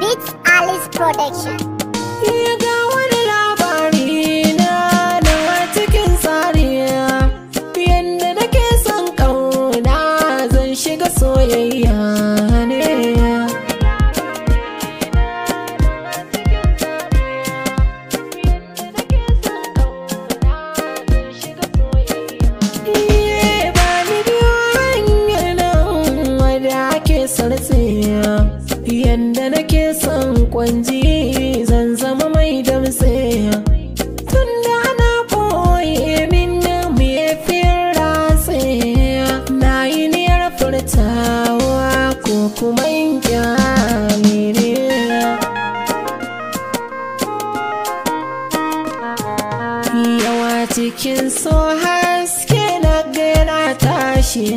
It's Alice Production. kwanji zan zama mai damse tunda na boye min na mefin ratse na yi niyar furtawa ko kuma yawa cikin so haske na gana tashi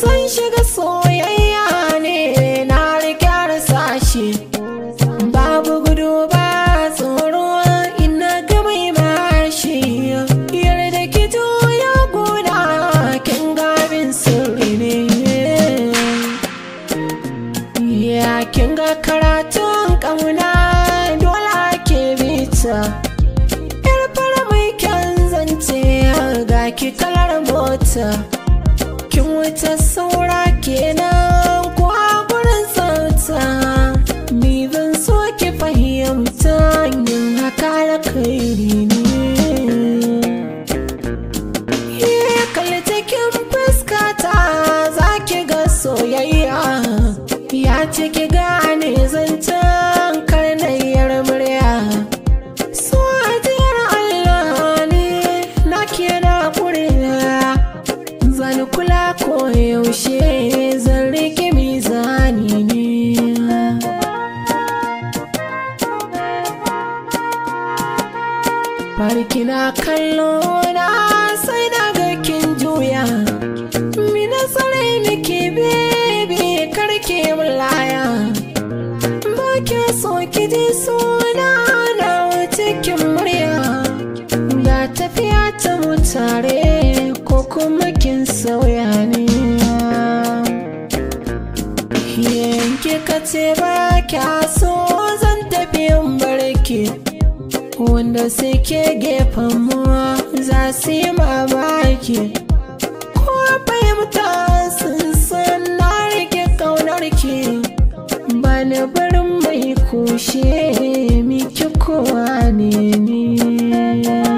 sun shiga soyayya ki kalar mota kin wuce saura kenan kwa gurin sauta ni zan so ki fahimta yin haka da kairi ne kalli cikin fuskata za ki ga soyayya ya ki Ni kula ko yaushe zan rike mizani ne farki na kallo na kin sauya yanke ka ce ba kya so zan tafi yin barki wanda suke gefen mu za su yi mamaki ko fahimta sun san na rike kaunar ki ba na barin mai kushe miki kowa ne ni